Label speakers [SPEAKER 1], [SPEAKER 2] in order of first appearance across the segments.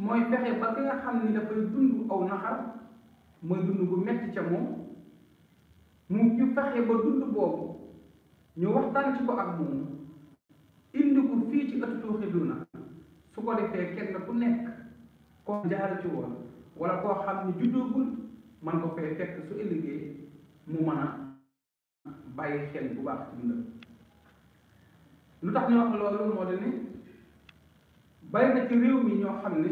[SPEAKER 1] mooy fexe ba ki xam ni dafay dund aw naxar mooy dund bu metti ca moom mu ñu fexe ba dund boobu ñu waxtaan ci ko ak moom indi ko fii ci ëtt Tooxiduna su ko defee kenn ku nekk koo jaar ci woon wala koo xam ni juddoogul man ko fay fekk su ëllëgee mu mën a bàyyi xel bu baax ci dundam lu tax ñu wax loolu moo di bari na ci réew mi ñoo xam ne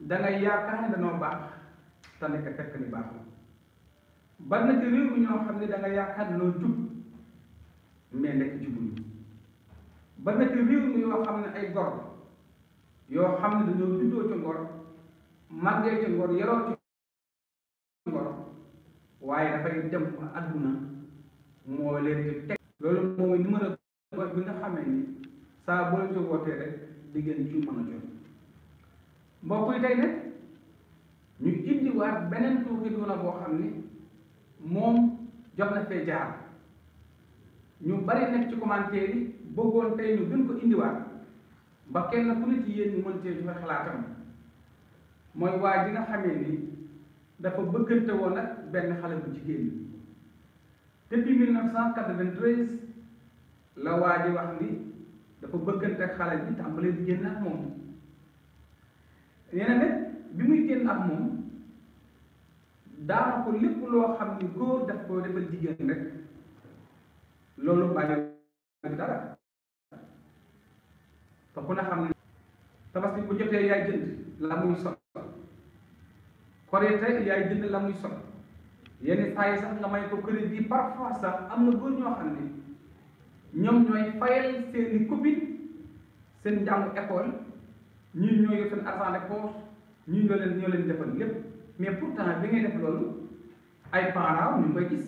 [SPEAKER 1] dangay yaakaar danoo baax te nekk fekk ni baaxul bari ci réew mi ñoo xam ne danga yaakaar ne danoo jub mais nekk jubuñu bari na ci réew mi yoo xam ne ay gor yoo xam ne dañoo juddoo ci ngor màggee ci ngor yaroo ci ngor waaye dafay dem ko àdduna moo leen di teg loolu mooy numéro bi nga xamee ni saa boo ci wootee rek di ngeen ci mën a jot mbokk yi tey nag ñu indiwaat beneen tur bi la boo xam ni moom jot na fee jaar ñu bari nekk ci commentaire yi bëggoon tey ñu gën ko indiwaat ba kenn ku ne ci yéen ñu mën cee joxe xalaatam mooy waa ji nga xamee ni dafa bëggante woon ak benn xale bu jigéen depuis 1993 la waa ji wax ni. dafa bëggante ak xale bi tàmbalee di génn ak moom nee na bi muy génn ak moom daana ko lépp loo xam ni góor daf ko defal jigéen rek loolu bàyyi dara te ku ne xam ne tabaski bu jotee yaay jënd la muy sol korite yaay jënd la muy sol yenn saa yi sax nga may ko këri bi parfois sax am na góor ñoo xam ne ñoom ñooy fayal seeni copine seen njàngu école ñun ñoo yor seen argent de poche ñun ñoo leen ñoo leen defal lépp mais pourtant bi ngay def loolu ay parents ñu ngi gis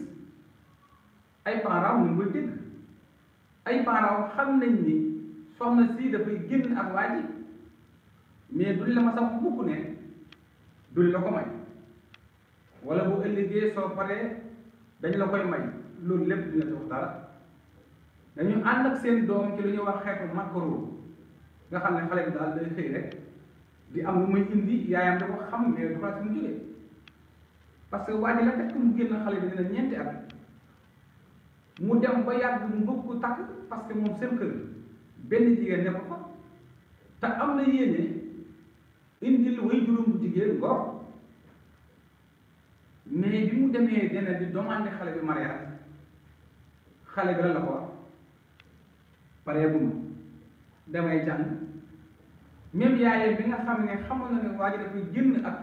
[SPEAKER 1] ay parents ñu ngi koy dégg ay parents xam nañ ni soxna si dafay génn ak waa ji mais duñ la ma sax ne duñ la ko may wala bu ëllëgee soo paree dañ la koy may loolu lépp dina dox dara. dañu ànd ak seen doom ci lu ñuy wax xeetu macro nga xam ne xale bi daal day xëy rek di am lu muy indi yaayam da xam mais du xalaat mu jógee parce que waa ji la fekk mu génn xale bi dina ñeenti at mu dem ba yàgg mu bëgg ko takk parce que moom seen kër benn jigéen ne ko te am na yéene indil way juróom jigéen ngor mais bi mu demee dana di demander xale bi mariage xale bi la la ko wax pareeguma damay jàng même yaayee bi nga xam ne xamoon na ne waa dafay génn ak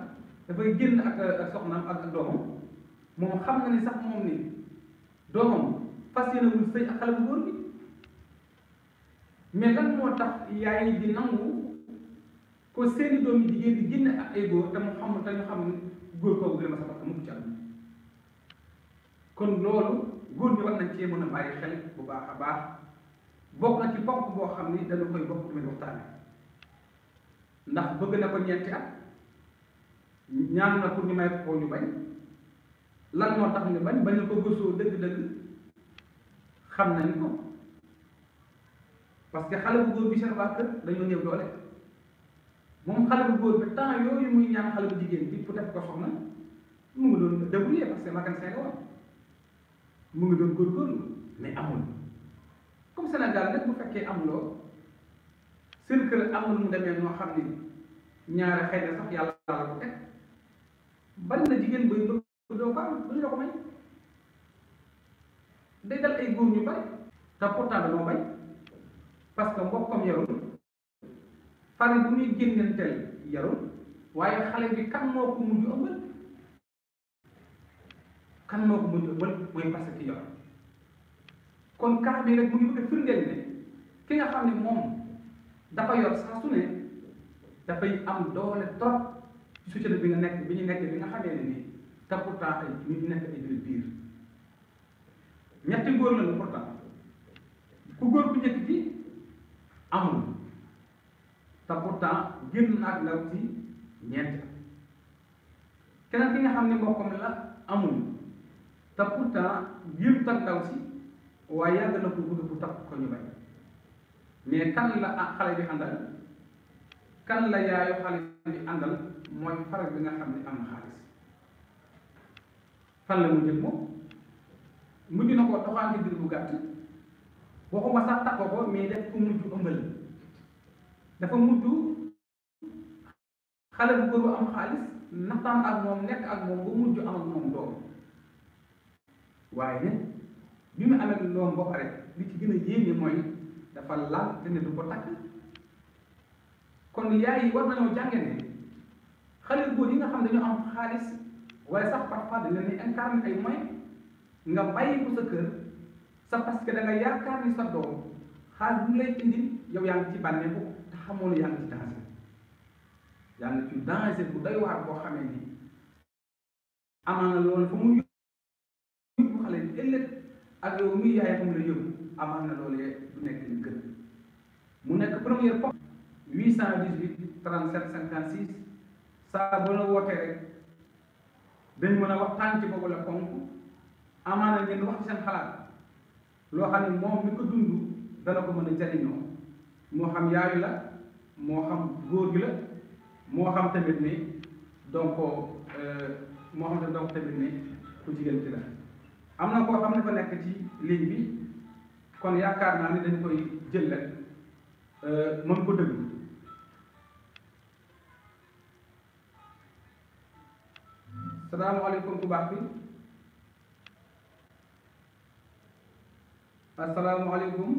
[SPEAKER 1] dafay génn ak ak ak doomam moom xam na ne sax moom ni doomam fas yéene wul sëy ak xale bu góor bi mais di nangu ko seeni doom yi jigéen di génn ak ay góor te mu xamul te ñu xam ne góor kooku gën a ma sa parce que mu ci am kon loolu góor ñi war nañ cee mën a bàyyi xel bu baax a baax bokk na ci bokk boo xam ni dana koy bokk tamit waxtaane ndax bëgg na ko ñetti at ñaan na pour ñu may ko ñu bañ lan moo tax ñu bañ bañ na ko gëstoo dëgg-dëgg xam nañ ko parce que xale bu góor bi seen waa dañoo néew doole moom xale bu góor bi temps yooyu muy ñaan xale bu jigéen bi pour def ko soxna mu ngi doon débrouiller parce que magasin la woon mu ngi doon góorgóorlu mais amul. comme Sénégal nag bu fekkee amuloo seen kër amul mu demee noo xam ni ñaare xëy na sax yàlla la ko teg bari jigéen buy bëgg doo ko am duñu la day dal bari te pourtant dañoo bay parce que mbokkam yarul fari bu muy génnanteel yarul waaye xale bi kan ko mujj ëmbal kan ko mujj ëmbal mooy parce que yor kon cas bi rek mu ngi bëgg a firndeel ne ki nga xam ne moom dafa yor saa ne dafay am doole trop ci bi nga nekk bi ñu nekk bi nga xamee ne nii te pourtant ay ñu nekk ay biir biir ñetti góor lañu pourtant ku góor bu njëkk bi amul te pourtant na ak ndaw ci ñeent keneen ki nga xam ne mbokkam la amul te pourtant génn si waaye yàgg na ko bëgg bu takk ko ñu bañ mais kan la ah xale bi àndal kan la yaayu xale bi àndal mooy faral bi nga xam ne am na xaalis fan la mu jël moom mujj na ko doxaan ci dir bu gàtt waxuma sax takk ko mais def ko mujj ëmbal dafa mujj xale bu góor bu am xaalis naxtaan ak moom nekk ak moom ba mujj am ak moom doom waaye ne bi mu amee loom ba pare li ci gën a yéeme mooy dafa laal te ne du ko takk kon yaay yi war nañoo jànge ne xale góor yi nga xam dañoo am xaalis waaye sax parfois dañ leen di incarne ay moy nga bàyyi ko sa kër sa parce que da nga yaakaar ni sa doom xaalis bu lay indi yow yaa ngi ci bànneeku te xamoo ne yaa ngi ci danger yaa ngi ci danger bu doy waar boo xamee ni amaana loolu fa mu yóbbu xale ëllëg ak yow mii yaay moom la yóbbu amaan na loolee du nekk ñu gën mu nekk première fois 818 37 56 saa boo la wootee rek dañ mën a waxtaan ci boobu la ponk amaana ngeen wax ci seen xalaat loo xam ne moom mi ko dund dana ko mën a jariñoo moo xam yaayu la moo xam góor gi la moo xam tamit ni donc euh, moo xam tamit donc tamit ni ku jigéen ci la am na koo xam ne fa nekk ci ligne kon yaakaar naa ne dañ koy jël rek euh, mën ko déglu salaamaaleykum ku baax bi asalaamaaleykum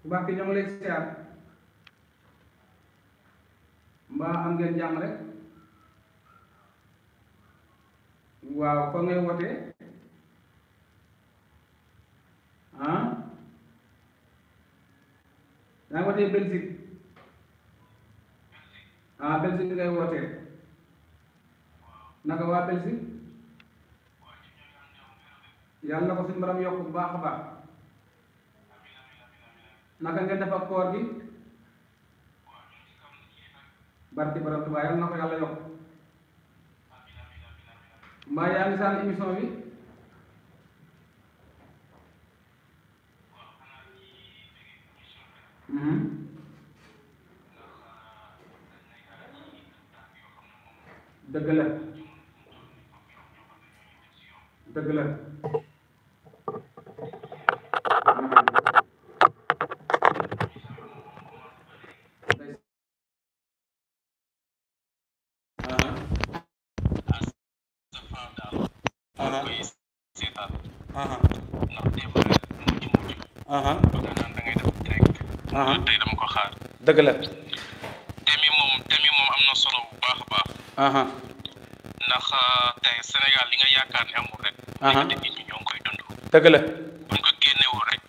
[SPEAKER 1] ku baax bi ñoo ngi lay siyaar mbaa am rek waaw fa ngay wote ah daa wote Belgique ah Belgique ngay wote naka waa Belgique yàlla na ko suñu borom yokk bu baax a baax naka nga def ak koor gi barki borom yàlla na ko mbaa yaa ngi saan émission bi hmm? dëgg la dëgg la tey dama ko xaar dëgg la thème moom thème moom am na solo bu baax a baax ndax euh, tey Sénégal li nga yaakaar ne amul rek nit ñi ñoo ngi koy dund dëgg la buñ ko génnewul rek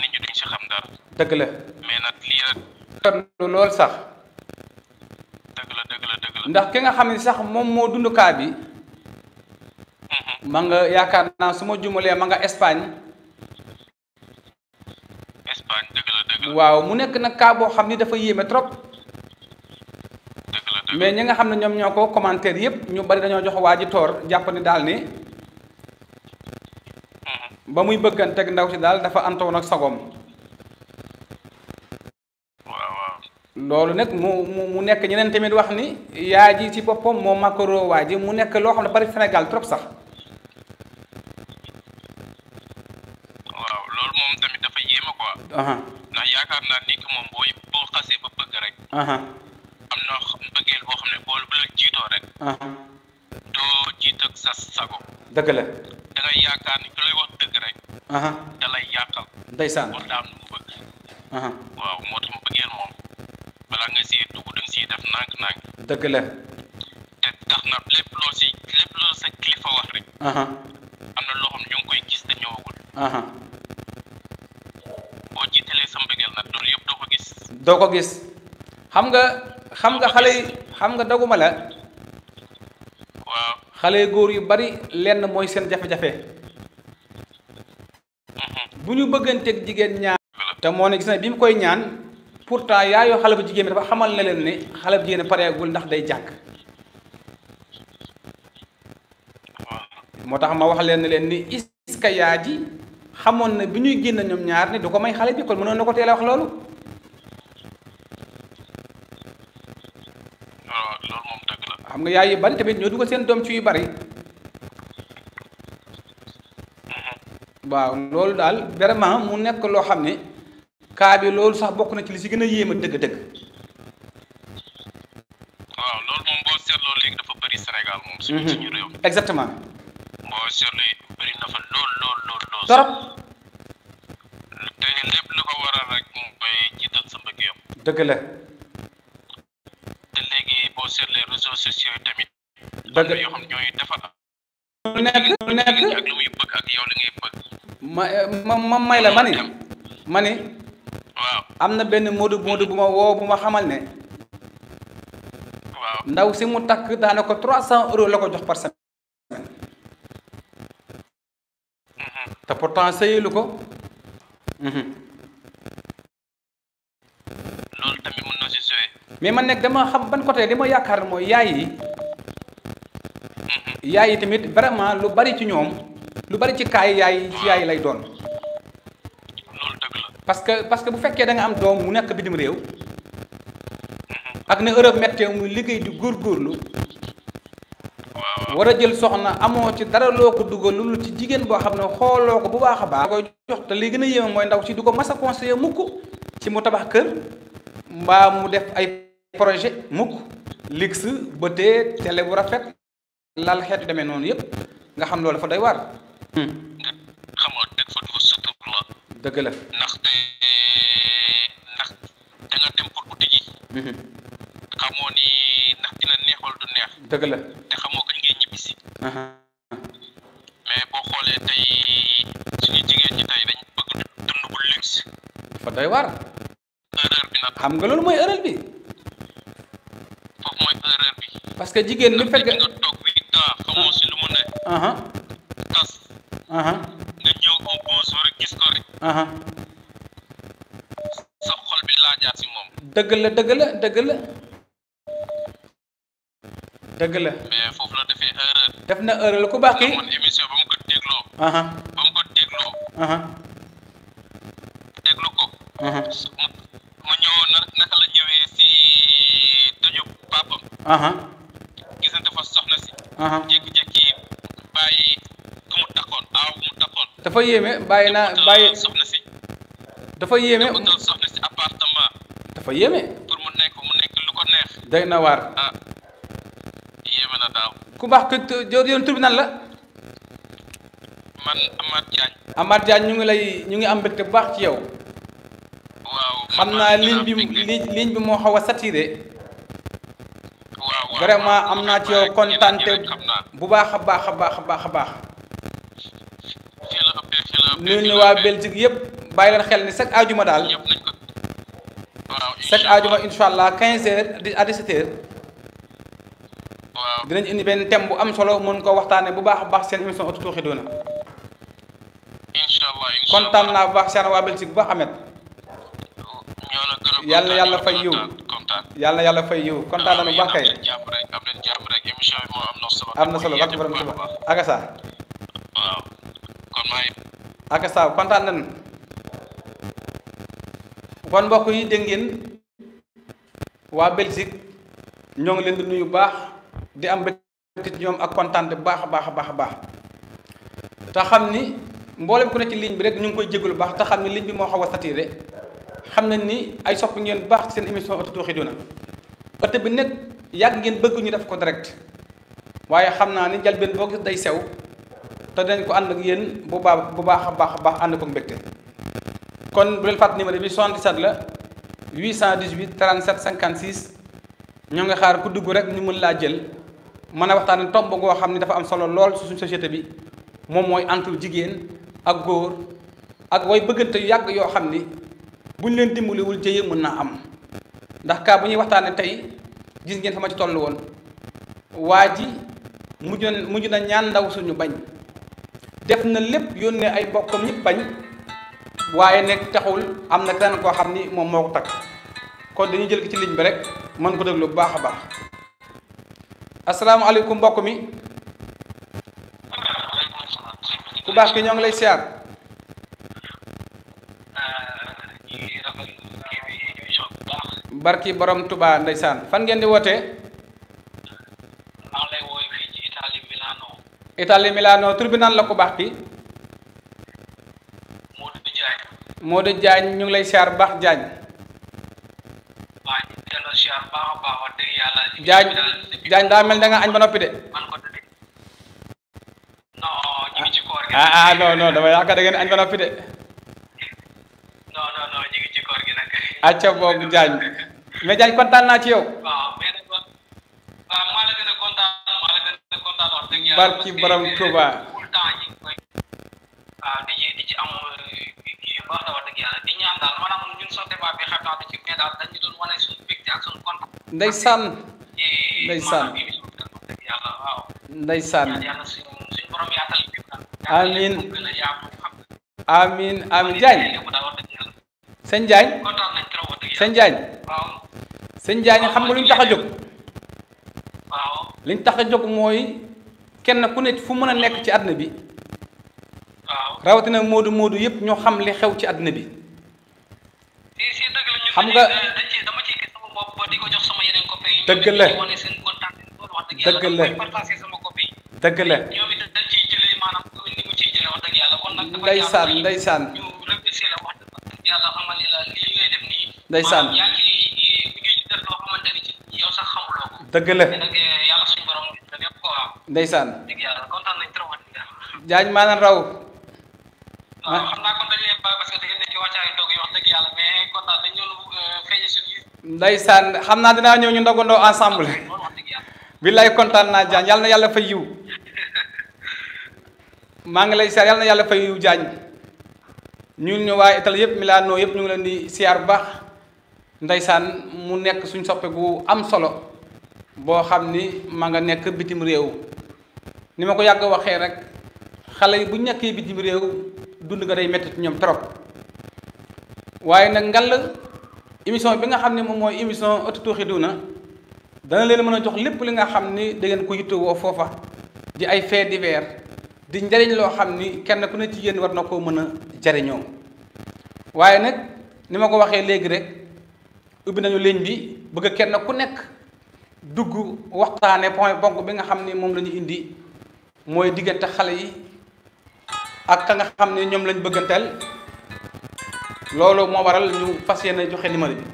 [SPEAKER 1] nit ñi duñ si xam dara dëgg la mais nag lii rek lool sax dëgg la dëgg la dëgg la ndax ki nga xam ne sax moom moo dund kaa bi mhm. ma nga yaakaar naa su ma jumalee ma nga Espagne Espagne dëgg waaw mu nekk nag cas boo xam ni dafa yéeme trop mais ñi nga xam ne ñoom ñoo ko commentaire yépp ñu bari dañoo jox waa ji toor jàpp ni daal ni ba muy bëgganteeg ndaw si daal dafa antoon sagoom loolu nag mu mu mu nekk ñeneen tamit wax ni yaa ji ci boppam moo makaroo waa ji mu nekk loo xam bari Sénégal trop sax quoi. ndax yaakaar naa nit ki moom boo xasee ba bëgg rek. am na am na lépp ñu ngi koy gis te ñëwagul. boo jiitalee sa mbëggeel nag loolu gis. xam nga xam nga xam nga daguma la. yu bari lenn moisir seen jafe-jafe. Mm-hmm. bu ñu bëgganteeg jigéen ñaan. te moo ne gis na bi koy ñaan pourtant yaayu xale bu jigéen bi dafa xamal na leen ne xale bu jigéen pareegul ndax day jàng. moo ma wax ni iska ji. xamoon na bi ñuy génn ñoom ñaar ne du ko may xale bi kon mënoon na ko teel a wax loolu. xam nga yaay yu bari tamit ñoo dugal seen doom ci yu bari. Mm-hmm. waaw loolu daal vraiment mu nekk loo xam ne kaa bi loolu sax bokk na ci li si gën a yéem a dëgg-dëgg. waaw loolu moom boo seetloo léegi dafa bëri Sénégal moom. suñu mm-hmm. suñu réew. exactement. boo seetloo na fa lool lool lool lool. trop. te lépp lu ko waral rek mooy jiital sa mbëgg yow. dëgg la. te léegi boo seetlee réseaux sociaux yi tamit. dëgg yoo xam ñooy defar. lu nekk lu nekk ak lu muy bëgg ak yow li ngay bëgg. may la ma ni ma ni. waaw am na benn moodu moodu bu ma woo bu ma xamal ne. ndaw si mu takk daana ko trois cent euros la ko jox par semaine. pourtant sëyilu ko mhm. loolu tamit na si mais man nekk dama xam ban côté li ma yaakaar mooy yaay yi mhm. yaay yi tamit vraiment lu bari ci ñoom lu bari ci kaay yaay ci yaay lay doon loolu dëgg que parce que bu fekkee danga am doom mu nekk bitim réew mhm. ak ne Europe méttee muy liggéey di góorgóorlu war a jël soxna amoo ci dara loo ko dugal loolu ci jigéen boo xam ne xooloo ko bu baax a baax koy jox te li gën a yéeme mooy ndaw si du ko mas a conseiller mukk ci mu tabax kër mbaa mu def ay projet mukk liggs bëtee télé bu rafet lal xeetu demee noonu yëpp nga xam loolu dafa doy waar hmm. xam dëgg fa dafa sutur la dëgg la ndax da nga dem pour uti ji hmm. xamoo ni ndax dina neex wala du neex dëgg la te xamoo ko mais boo xoolee tey suñu jigéen ñi tey dañ bëgg dund bu luxe. dafa doy waar. xam nga loolu mooy erreur bi. foofu mooy erreur bi. parce que jigéen ñi fekk nga toog huit ans xamoo si lu mu ne. tas. nga ñëw un bonjour gis ko rek. sa xol bi laajaat si moom. dëgg la dëgg la dëgg la. dëgg la. def na heure la ku baax kii. man émission ba mu ko dégloo. ba mu ko dégloo. déglu ko. mu gis na dafa soxna si. jékki-jékki bàyyi ku mu takkoon aaw ku mu takkoon. dafa yéeme bàyyi naa bàyyi soxna si. dafa yéeme dafa yéeme. pour mu nekk mu nekk lu ko neex. day na waar. baax ko yoon tur nan la. man Amath ñu ngi lay ñu ngi am mbégte bu baax ci yow. xam naa ligne bi ligne bi moo xaw a saturé. waaw vraiment am naa ci yow kontaante bu baax a baax a baax a baax a baax. nuyu na waa Belgique yëpp bàyyi leen xel ni chaque ajuma daal. chaque ajuma incha allah 15 heures à 17 heures. dinañ indi ben thème bu am solo mën ko waxtane bu baax baax seen émission auto Tooxiduna incha allah kontaan naa bu baax seen waa Belgique bu baax amet yàlla yalla yàlla fay yow yalla yalla fay yow kontan na baax kay am na solo barke borom Tuuba Akasa Akasa kontan nañu kon mbokk yi dégg ngeen waa Belgique ñong leen di nuyu baax di am bëgg ci ñoom ak kontaan bu baax a baax a baax a baax te xam ni ku ne ci ligne bi rek ñu ngi koy jégalu baax ta xamni ligne bi mo xawa satiré saturé ni ay sopp ngeen baax ci seen émission auto tokhiduna auto bi nek yag ngeen bëgg ñu def ko direct waye xamna ni jalbeen boo gis day sew ta dañ ko and ak yeen bu baax bu baax baax baax and ko mbekté kon bu leen fat numéro bi 77 la 818 37 56 ñu nga xaar ku dugg rek ñu mën la jël mën a waxtaane tomb goo xam ne dafa am solo lool su suñ société bi moom mooy entre jigéen ak góor ak way bëggante yu yàgg yoo xam ni buñ leen dimbaliwul jëye mën naa am ndax kaa bu ñuy waxtaane tey gis ngeen sama ci toll woon waa ji mujj mujj na ñaan ndaw suñu bañ def na lépp yónnee ay bokkam ñëpp bañ waaye nekk taxul am na keneen koo xam ni moom moo ko takk kon dañuy jël ci ligne bi rek mën ko déglu bu baax a baax assalamu alaykum mbok mi ku bax ki ñong lay siar barki borom Touba ndaysan fan ngeen di wote Italy Milano tribunal la ko bax ki Modou Diagne Modou Diagne ñu ngi lay siar bax baax Diagne waa ñu delloo siyaar jaaj jaaj daa mel da nga añ ba noppi de. ah ah non non dama yaakaar da ngeen añ ba noppi de. acca boobu jaaj mais jaaj kontaan naa ci yow. barki borom Tuuba. ndeysaan ndeysaan ndeysaan amin amin amin Diagne sëñ Diagne sëñ Diagne sëñ xam nga lu ñu tax a jóg li tax a jóg mooy kenn ku ne fu mën a nekk ci àddina bi rawatina moodu moodu yépp ñoo xam li xew ci àdduna bi xam nga dëgg la dëgg la dëgg la ndeysaan ndeysaan ndeysaan dëgg la ndeysaan jaañ maanaam raw ah xam naa kon dañ leen bàyyi parce ndaysan xamna dina ñew ñëw ñu ndogandoo ensemble billahi kontaan na jaan yalla na fay yu ma ngi lay sar yalla yalla fay yu jaañ ñun ñu way etal yëpp Milano yëpp ñu ngi leen di siar bax ndaysan mu nekk suñ soppe gu am solo bo xamni ma nga nekk bitim rew ni ko yag waxe rek xalé bu ñàkkee bitim rew dund ga day metti ci trop waye nak ngal émission bi nga xam ne moom mooy émission ëttu na dana leen mën a jox lépp li nga xam ni da ngeen ko yittewoo foofa di ay faits divers di njariñ loo xam ni kenn ku ne ci yéen war na koo mën a jariñoo waaye nag ni ma ko waxee léegi rek ubbi nañu leen bi bëgg kenn ku nekk dugg waxtaane point bonk bi nga xam ni moom la indi mooy diggante xale yi ak ka nga xam ne ñoom lañ bëgganteel loolu moo waral ñu fas yéene joxe numéro bi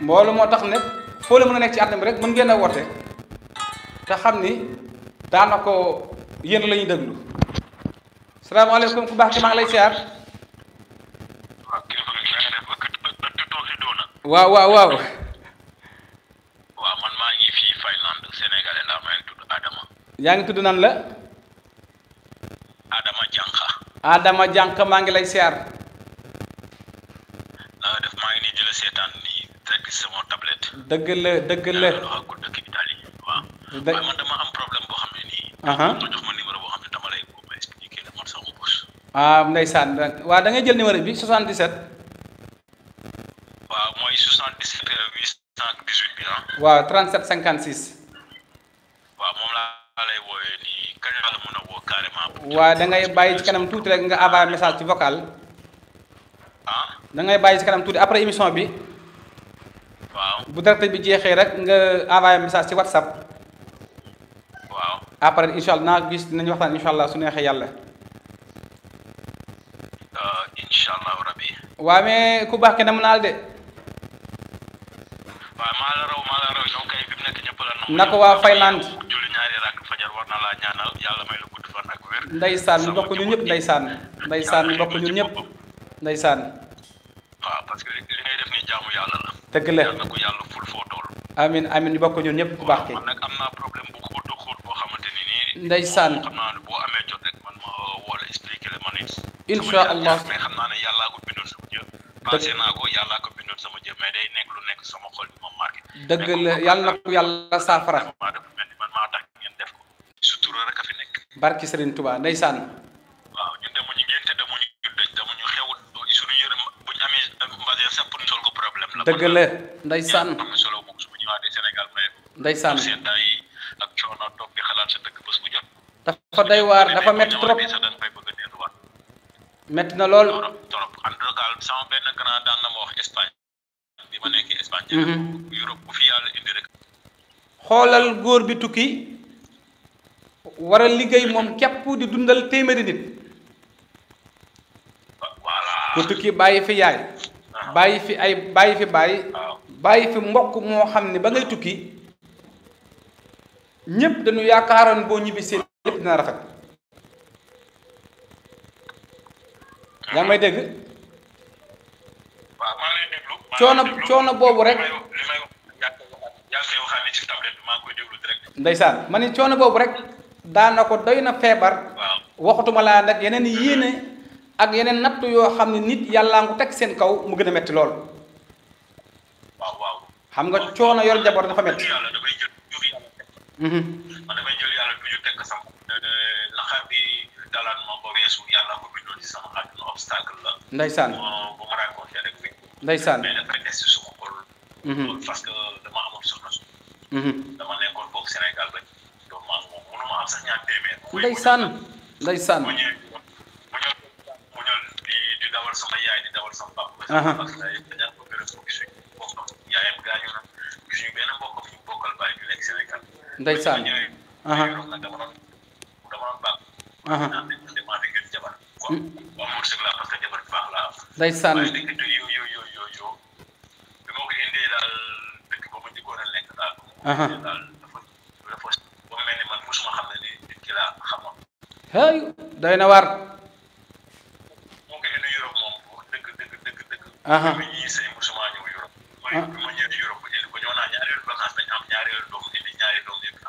[SPEAKER 1] mboolu moo tax ne foo la mën a nekk ci àdduna bi rek mën ngeen a woote te xam ni daana ko yéen la ñuy déglu salaamaaleykum ku baax ki maa lay siyaar waaw waaw waaw man maa ngi fii Finlande sénégalais laa maa tudd Adama yaa ngi tudd nan la adama jank ma ngi lay siyaar ah, la def ma ngi ni jël la ah, ni nii fekk mo tablette deug le deug le lu waaw man dama am problème boo xam ne nii nga jox ma numéro bo xamné dama lay ko ma expliquer la man sama bus ah ndaysan wa da ngay jël numéro bi 77 waaw moy 77 818 bi ah waaw 37 56 wa da ngay bayyi ci kanam tout rek nga avoir message ci vocal. Ah. da ngay bayyi ci kanam tout après émission bi. waaw bu direct bi jexé rek nga envoyé message ci whatsapp. waaw après inshallah allah gis nañ waxtan inshallah allah su nexé yalla euh ah, inshallah Rabbi. wa me ku baax kenn mën naa la de. waaw maa la raw ma la raw ñokay bi nekk la. na ko waa julli ñaari rak fajar war na la ñaanal yalla may ndaysan ñu bokk ñun ñëpp ndaysan ndaysan ñu iya, bokk ñun ñëpp ndaysan waaw ah, parce que li ngay def ni jaamu yalla la deug le yalla ko yalla ful fo tol amin amin ñu bokk ñun ñëpp bu baax man nak amna problème bu xóot xóot bo xamanteni ni ndaysan xamna xam naa jot rek man ma woo expliquer le manis
[SPEAKER 2] insha allah mais
[SPEAKER 1] xamna naa yalla ko bindul sama jëf passé na ko yalla ko bindul sama jëf mais day nekk lu nekk sama xol mom marqué ko yalla safara barki serigne touba ndeysaan waaw deug ya day dafa trop na trop en war a liggéey moom képp di dundal téeméeri nit ku tukki bàyyi fi yaay ah. bàyyi fi ay bàyyi fi bàyyi ah. bàyyi fi mbokk moo xam ne ba ngay tukki ñépp dañu yaakaaroon boo ñibbi seen lépp dina rafet yaa may dégg coono coono boobu rek ndeysaan ma ne coono boobu rek daanaka ko doyna febar waxatuma la nak yenen yéene ak yenen natt yo xamni nit yalla ngou tek sen kaw mu gëna metti lool waaw waaw xam nga choona yor jabar dafa metti yalla mhm. man damay jël yalla duñu tek teg la laxaar bi dalaan ma ba weesu yàlla ko bindo ci sama no obstacle la ndeysaan bu ma raconté rek bi ndeysaan mais dafay des ci suma xol mhm. parce que dama amul soxna hmm dama nekkoon bok senegal ba ci mu am sax ñaar téeméer. ndeysaan ndeysaan. mu hey doy na waar. aha. Ah.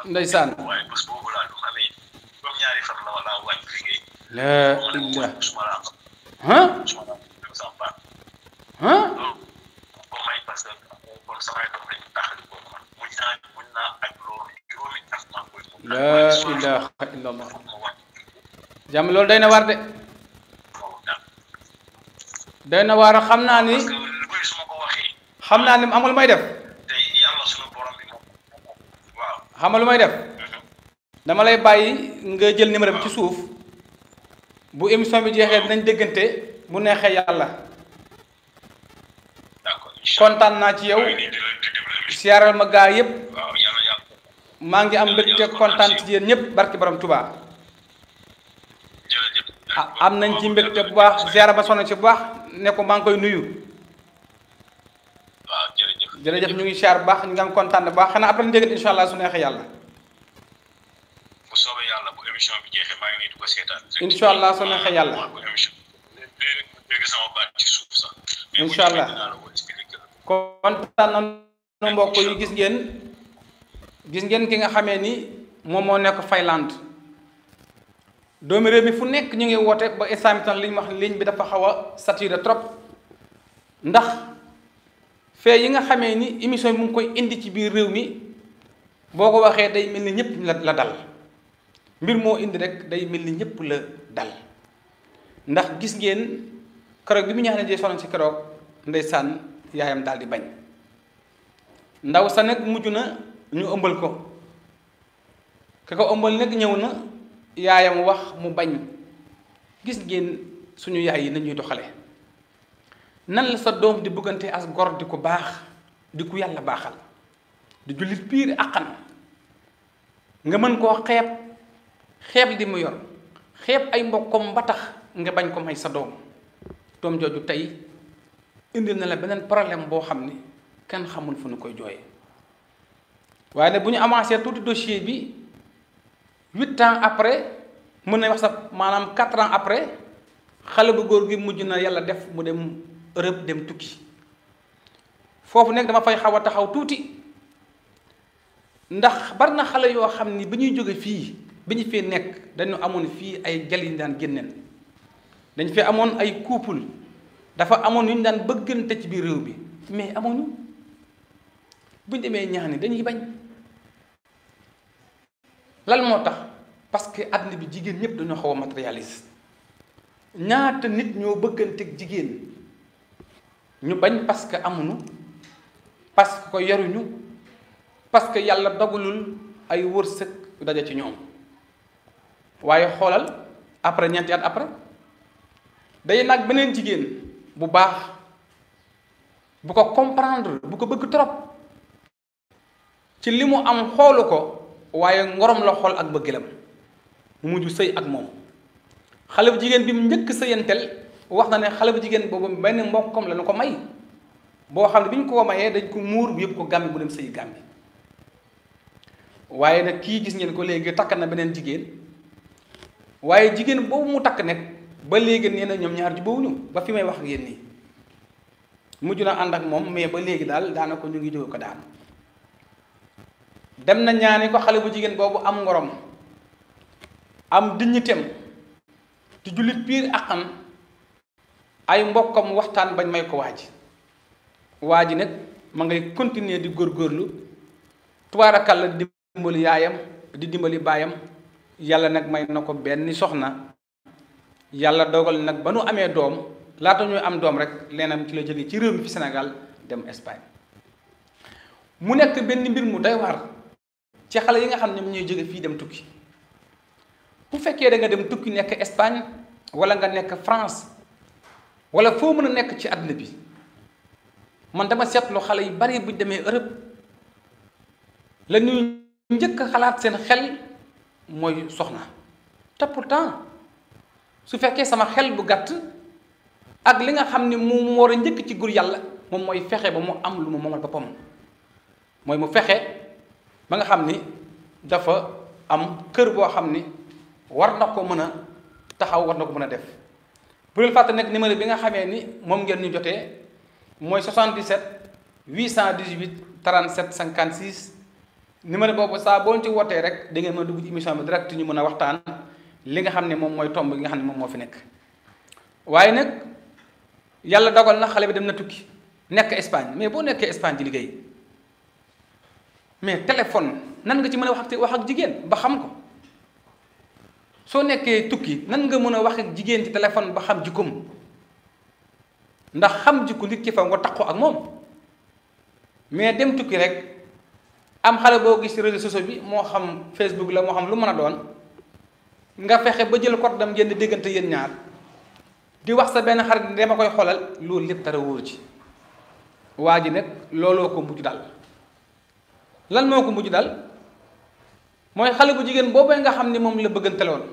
[SPEAKER 1] ndeysaan. jam lol day na war de day na war xamna ni xamna ni amul may def xamal may def dama lay bayyi nga jël numéro bi ci suuf bu émission bi jexé dinañ déggante mu nexé yalla kontan na ci yow siaral ma gaa yépp ma ngi am mbégte kontaan ci yéen ñépp barki borom Tuubaa Ah, am nañ ci mbékté bu baax ziara ba sonna ci bu baax né ko mang koy nuyu. waaw ah, jërëjëf jërëjëf ñu ngi ziar baax ñu ngi am kontaan bu baax xana après njëgët inshallah allah su neexee yàlla. bu soobé yalla bu émission bi jeexee maa ngi nii di ko seetaan. incha allah su neexee yàlla. inshallah allah kontaan na mbokk yu gis ngeen gis ngeen ki nga xamé ni mom mo nekk finland doomi rew mi fu nek ñu ngi woote ba islam tan liñ wax liñ bi dafa xawa saturé trop ndax fe yi nga xamé ni émission mu koy indi ci biir rew mi boko waxé day melni ñepp la dal mbir mo indi rek day melni ñepp la dal ndax gis ngeen kërok bi mi ñaané jé jee ci kërok keroog yaayam dal di bañ ndaw sa nag mujuna na ñu ëmbal ko kako ko ëmbal nag ñëw na yaayam wax mu bañ gis ngeen suñu yaay yi nañuy doxale nan la sa doom di bëggante as gor di ko baax di ko yàlla baaxal di julit piir àqan nga mën koo xeeb xeeb li mu yor xeeb ay mbokkom ba tax nga bañ ko may sa doom doom jooju tey indi na la beneen problème boo xam ni kenn xamul fu nu koy jooyee waaye nag bu ñu dossier bi huit ans après mën na wax sa maanaam quatre ans après xale bu góor ngir mujj na yàlla def mu dem Europe dem tukki foofu nekk dama fay xaw a taxaw tuuti ndax bari na xale yoo xam ni bi ñuy jóge fii bi ñu fee nekk dañu amoon fii ay jal yi ñu daan génneen dañ fi amoon ay couple dafa amoon yu ñu daan bëggante ci biir réew bi mais amoon buñ demee ñaani dañuy bañ lan moo tax parce que àdduna bi jigen ñep materialis, xaw materialiste ñaata nit ñoo bëggante jigen ñu bañ parce que amuñu parce que ko yaruñu parce que yalla dogalul ay wërseuk dajé ci ñoom waye xolal après ñent at après day nak benen jigen bu baax bu ko comprendre bu ko bëgg trop ci limu am xoluko waaye ngorom la xool ak bëggeelam mu mujj sëy ak moom xale bu jigéen bi mu njëkk sëyanteel wax na ne xale bu jigéen boobu benn mbokkam la nu ko may boo xam ne bi ñu ko mayee dañ ko muur bu yëpp ko gàmmi bu dem sëyi gàmmi waaye nag kii gis ngeen ko léegi takk na beneen jigéen waaye jigéen boobu mu takk nekk ba léegi nee na ñoom ñaar jubóowuñu ba fi may wax ak yéen nii mujj na ànd ak moom mais ba léegi daal daanaka ñu ngi jóge ko daan dem na ñaani ko xale bu jigen bobu am ngorom am dignitéem di julit piir akam ay mbokam waxtaan bañ may ko waji waji nak ma ngay continuer di gorlu tubaarakàlla di dimbali yaayam di dimbali bayam yalla nak may nako benni benn soxna yalla dogal nak banu amé dom la tañu am dom rek lenam ci la jëgé ci réew mi fi Sénégal dem Espagne mu nek benn mbir mu doy war ci xalé yi nga xamne ñoom ñooy jóge fii dem tukki bu fekke da nga dem tukki nek Espagne wala nga nek France wala fo mëna nek ci aduna bi man dama sétlu xalé yi bari bu démé Europe la ñu ñëk xalaat seen xel moy soxna ta pourtant su fekke sama xel bu gatt ak li nga xamne mu war a njëkk ci gur yalla mom moy fexé ba mo am lu mo moomal bopam moy mu fexé ba nga xamni dafa am kër bo xamni war na ko mëna taxaw war na ko mëna def bu leen fàtte nek numéro bi nga xamé ni mom ngeen ñu joté moy 77 818 37 56 numéro bobu sa bo ñu ci woté rek da ngeen mën dugg ci émission bi direct ñu mëna waxtaan li nga xamni mom moy tomb bi nga xamni mom mo fi nek waye nak yalla dogal na xalé bi dem na tukki nek Espagne mais bo nek Espagne di liggéey mais téléphone nan nga ci mën a wax wax ak jigéen ba xam ko soo nekkee tukki nan nga mën a wax ak jigéen ci téléphone ba xam jikkoom ndax xam jikko nit ki fa nga taqu ak moom mais dem tukki rek am xale boo gis réseaux sociaux bi moo xam Facebook la moo xam lu mën a doon nga fexe ba jël kot dam ngeen di déggante yéen ñaar di wax sa benn xarit dama koy xoolal loolu lépp dara wóor ci waa ji nag looloo ko mujj dal lan moo ko mujj dal mooy xale bu jigéen boobee nga xam ni moom la bëggantale woon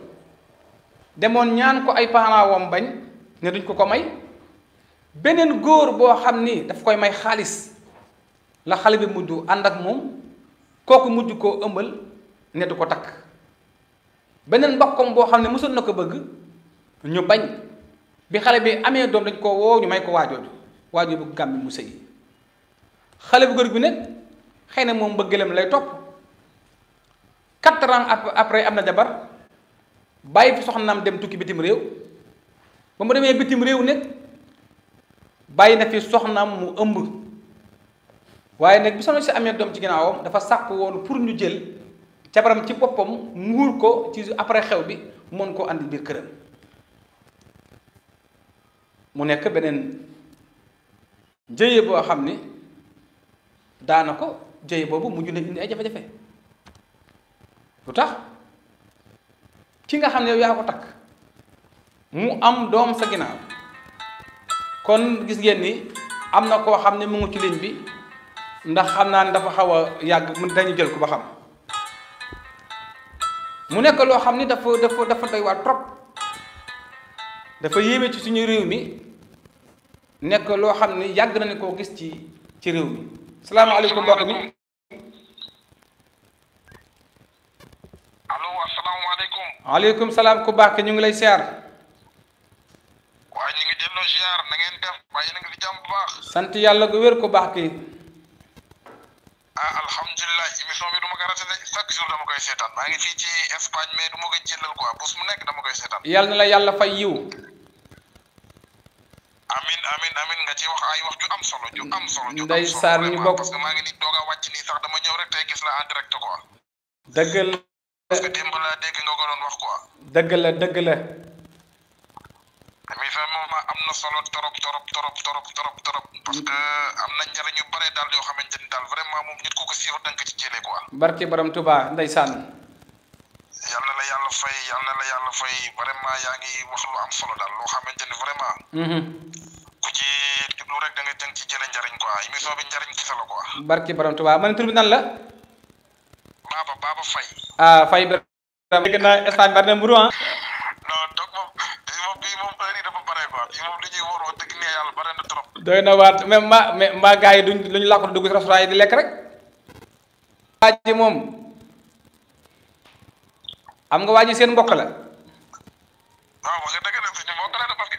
[SPEAKER 1] demoon ñaan ko ay paanaawam bañ ne duñ ko ko may beneen góor boo xam ni daf koy may xaalis la xale bi mujj ànd ak moom kooku mujj koo ëmbal ne du ko takk beneen mbokkom boo xam ne mosoon na ko bëgg ñu bañ bi xale bi amee doom dañ ko woo ñu may ko waajooju waajoo bu gàmmi mu sëy xale bu góor bi nag xeyna na moom bëggelam lay top 4 ans après amna jabar bayi fi soxnam dem tukki bitim rew ba mu demee bitim rew nek bàyyi na fi soxnam mu ëmb waye nek bi soxna si amee doom ci ginaawam dafa sàpp won pour ñu jël jabaram ci boppam muur ko ci après xew bi mon ko andi bir kërëm mu nek benen jeeyé bo xamni ni jëye mu mujj na indi ay jafé jafé lutax ki nga xamné ya ko tak mu am dom sa ginaaw kon gis ngeen ni am na xamné mu ngi ci liñ bi ndax xamna naa dafa xawa yag mu dañu jël ko ba xam mu nek lo xamni dafa dafa dafa doy waar trop dafa yeme ci suñu rew mi nek lo xamni yag yàgg ko gis ci ci rew mi salaamaaleykum mbokk mi. allo salaam ku baax ñu ngi lay siyaar. waaye ñu ngi delloo siyaar na def waaye na nga fi jàmm bu baax. sant yàlla gu wér ku baax ki ah alhamdulilah émission bi du ma ko raté de ngi fii ko jëlal quoi bés nekk dama koy seetaan. yàlla na la yàlla fay yiw. amin amin amin nga ci wax ay wax ju am solo ju am solo ju ndey sar ñu bok parce que ma ngi ni doga wacc ni sax dama ñew rek tay gis la en direct quoi deug la parce que demb la deg nga ko don wax quoi deug la deug la mi fa mom amna solo torop torop torop torop torop torop parce que amna ñu bare ya, dal yo xamanteni dal vraiment mom nit ku ko siir dank ci jélé quoi barki borom touba ndey sar yal na la yàlla fay yal na la yàlla fay vraiment yaa ngi wax lu am solo daal loo xamante ni vraiment. Mm-hmm. ku ci déglu rek da jën ci jële njariñ quoi émission bi njariñ ci sa la ah, na mburu ah. non donc moom bare quoi bare na trop. doy na waat mais ma mais du gars yi duñ duñ làkk yi di lekk rek. waa moom. xam nga waji seen mbokk la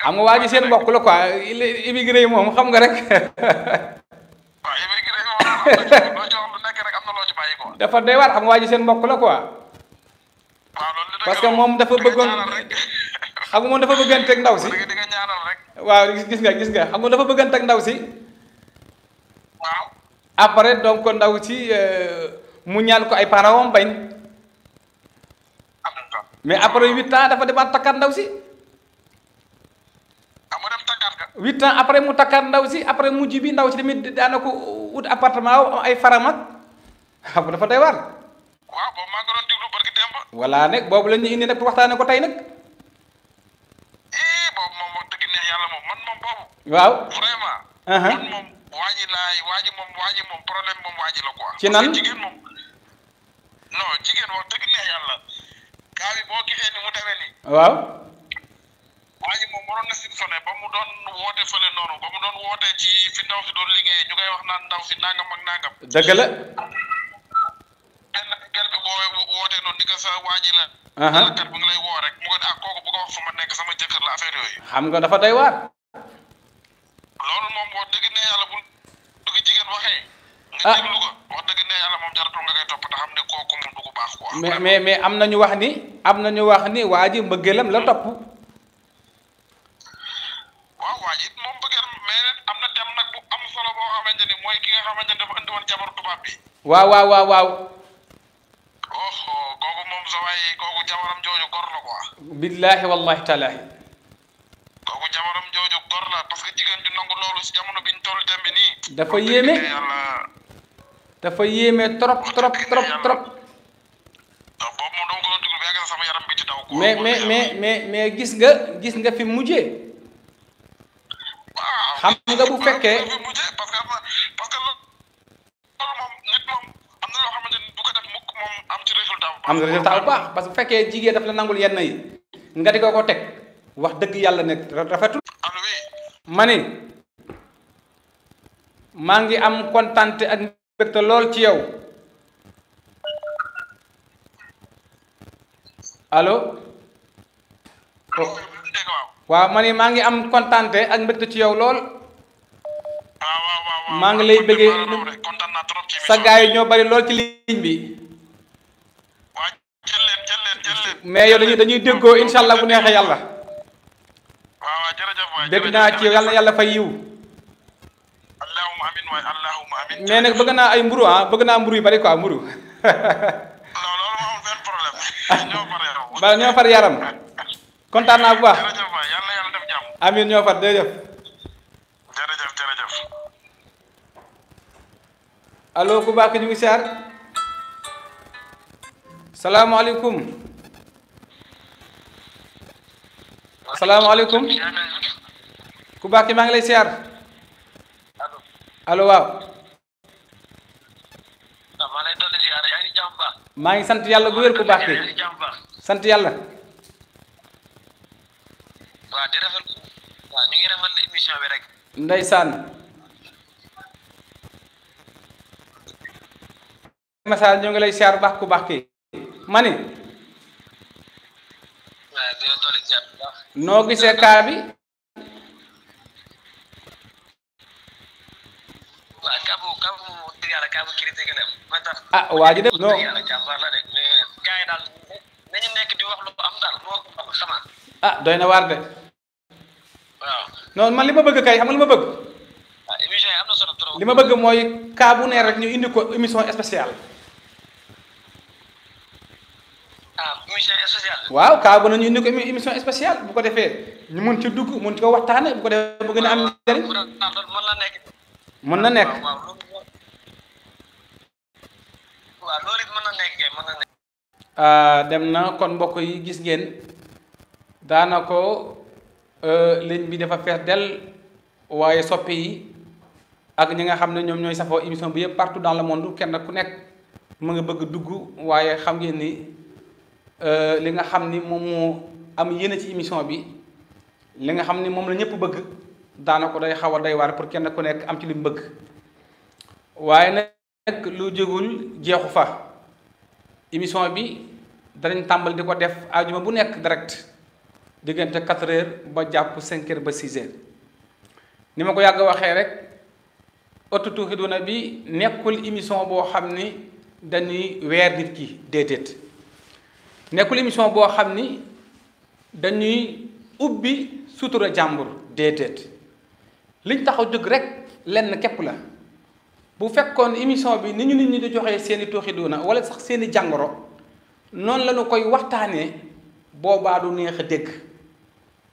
[SPEAKER 1] xam nga waji seen mbokk la quoi immigré mom xam nga rek dafa doy waar xam waji seen mbokk la quoi parce que mom dafa bëggoon xam nga mom dafa bëggoon tek ndaw si waaw gis nga gis nga xam nga dafa bëggoon tek ndaw si après donc ndaw si eh, mu ñaan ko ay parents bañ mais après huit ans dafa demaat takkaat ndaw si. ah mu dem takkaat ka. huit ans après mu takkaat ndaw si après mujj bi ndaw si tamit daanaka ut appartement ay faramak xam ah, dafa day war. waaw boobu maa ngi doon déglu barki démb. ñu indi nag ko tey nag. eh boobu moom moom moom boobu. waaw vraiment. Uh-huh. moom waa moom waa ji moom moom waa ji la quoi. ci nan non jigéen wax dëgg neex yàlla. kaa bi boo gisee ni mu demee nii. waaw. waa ji moom mënoon na sipsone ba mu doon woote fële noonu ba mu doon woote ci fi ndaw si doon liggéeyee ñu koy wax naa ndaw si nangam ak nangam. dëgg la. benn gel noonu ni ko sa waa ji la. kat bu lay woo rek mu ko ah kooku bu wax fu ma nekk sama jëkkër la affaire yooyu. xam nga dafa day waar. loolu moom boo dëgg ne yàlla bu dugg jigéen waxee. ah mais mais ah. am nañu wax ni am nañu wax ni waa ji wah la topp waaw waa ji moom bëggeel mais am dem nag bu am solo boo xamante ni mooy ki nga xamante ni dafa andi wah jabar wah bi waaw waaw waaw waaw oh kooku moom sa waay kooku jabaram jooju gor la quoi billahi wallahi taalaahi kooku jabaram jooju gor la parce que jigéen di nangu loolu si jamono biñ toll tembi nii dafa yéeme yàlla dafa yeme trop trop trop trop. Ah, boobu moom dama ko doon mais mais mais mais mais gis nga gis nga fi mujjee. waaw xam nga bu fekkee. am na loo xamante ni bu ko def mukk moom am ci résultat baax. parce que daf la nangul yenn yi nga ko wax rafetul. am kontaan ak. mbégte lool ci yow allo waaw man ne maa ngi am kontante ak mbégte ci yaw lool ah, maa ngi lay bëggee sa gaay yi ñoo bari lool ci ligne bi mais yow dañuy dañuy déggoo incha allah bu neexee yàlla dégg naa ci yow yàlla yàlla fay yiw mais nak bëgg na ay mburu ah bëgg na mburu yi bari quoi mburu. non problème ñoo far yaram. ba ñoo far yaram kontaan na bu baax. jërëjëf waay yàlla yàlla def jàmm. amiin ñoo far jërëjëf. jërëjëf jërëjëf. allo ku baax ñu ngi alaykum salaamaaleykum. alaykum ku baax ma ngi lay allo allo waaw. maa ngi sant yàlla bu wér ku baax kii sant yàlla. waaw di rafetlu waaw ngi lay siyaar baax ku baax kii ma noo gisee kaa yàlla kaa bu ma ah waa de ah doy na waar de waaw non man li ma bëgg kay xam nga bëgg émission li ma bëgg mooy kaa bu rek ñu indi ko émission spéciale ah émission waaw kaa ne ñu indi ko émission spéciale bu defee ñu mën ci dugg mën ci ko waxtaane bu defee bëgg na am njëriñ na nekk waaw loolu ah, dem na kon mbokk yi gis ngeen daanako euh, ligne bi dafa fees del waaye soppi yi ak ñi nga xam ne ñoom ñooy safoo émission bi yëpp partout dans le monde kenn ku nekk mu ngi bëgg dugg waaye xam ngeen ni euh, li nga xam ni moom moo am yéene ci émission bi li nga xam ni moom la ñëpp bëgg daanako day xaw day war pour kenn ku nekk am ci li bëgg waaye nag lu jógul jeexu fa émission bi dañ tambal diko def aljuma bu nek direct digënté 4 h ba japp 5 h ba 6 h nima ko yag waxé rek ëttu Tuuxiduna bi nekul émission bo xamni dañuy wër nit ki déedéet nekul émission bo xamni dañuy ubbi sutura jàmbur déedéet liñ taxaw a rek lenn kep la bu fekkoon émission bi ni ñu nit ñi di joxee seeni i tooxi na wala sax seeni jàngoro noonu la koy waxtaanee boobaa du neex a dégg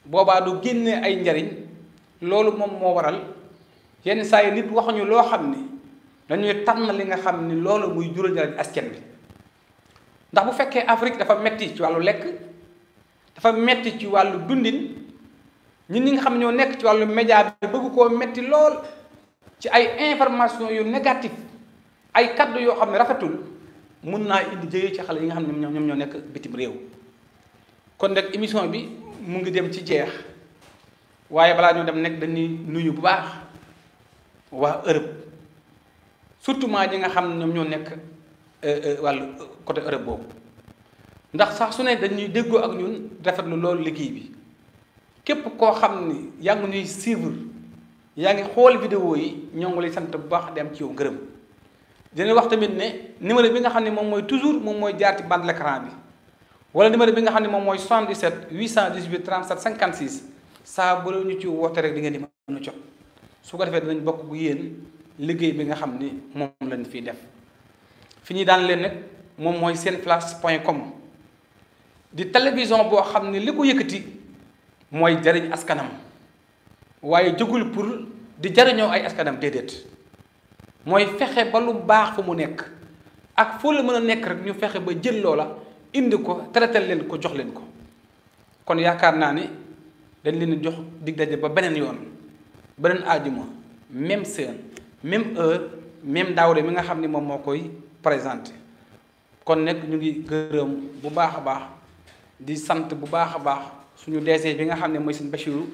[SPEAKER 1] boobaa du génne ay njariñ loolu moom moo waral yenn saa yi nit waxuñu loo xam ni dañuy tànn li nga xam ni loolu muy jural njariñ askan bi ndax bu fekkee Afrique dafa metti ci wàllu lekk dafa metti ci wàllu dundin ñun ñi nga xam ñoo nekk ci wàllu média bi bëggu koo metti lool ci ay information yu négatif ay kàddu yoo xam ne rafetul mun naa indi jëyee ci xale yi nga xam ne ñoom ñoo nekk bitim réew kon nag émission bi mu ngi dem ci jeex waaye balaa ñoo dem nekk dañuy nuyu bu baax waa Europe surtout maa ñi nga xam ne ñoom ñoo nekk euh, euh, wàllu côté Europe boobu ndax sax su ne dañuy déggoo ak ñun rafetlu loolu liggéey bi képp koo xam ni yaa ngi ñuy yaa ngi xool vidéo yi ñoo ngi lay sant bu baax dem am ci yow ngërëm dina wax tamit ne numéro bi nga xam ne moom mooy toujours moom mooy jaar ci bande l'écran bi wala numéro bi nga xam ne moom mooy 77 818 37 56 saa bu ñu ci woote rek di di mën a jot su ko defee dinañ bokk gu yéen liggéey bi nga xam ni moom lañ fiy def fi ñuy daan leen nag moom mooy seen place point com di télévision boo xam ne li ko yëkkati mooy jariñ askanam waaye jógul pour di jariñoo ay askanam déedéet mooy fexe ba lu baax fu mu nekk ak foo la mën a nekk rek ñu fexe ba jël loola indi ko traité leen ko jox leen ko kon yaakaar naa ni dañ leen jox dig daje ba beneen yoon beneen aajuma même seen même heure même daawre mi nga xam ni moom moo koy présenté kon nekk ñu ngi gërëm bu baax a baax di sant bu baax a baax suñu DG bi nga xam ne mooy seen Bachirou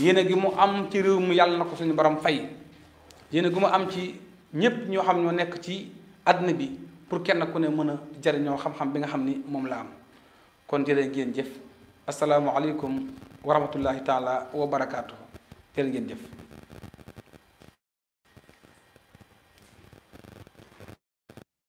[SPEAKER 1] yéene gi mu am ci réew mi yàlla na ko suñu borom fay yéene gi mu am ci ñëpp ñoo xam ñoo nekk ci àddina bi pour kenn ku ne mën a jariñoo xam-xam bi nga xam ni moom la am kon jërë ngeen jëf asalaamualeykum wa rahmatullahi taala wa barakaatu jërë ngeen jëf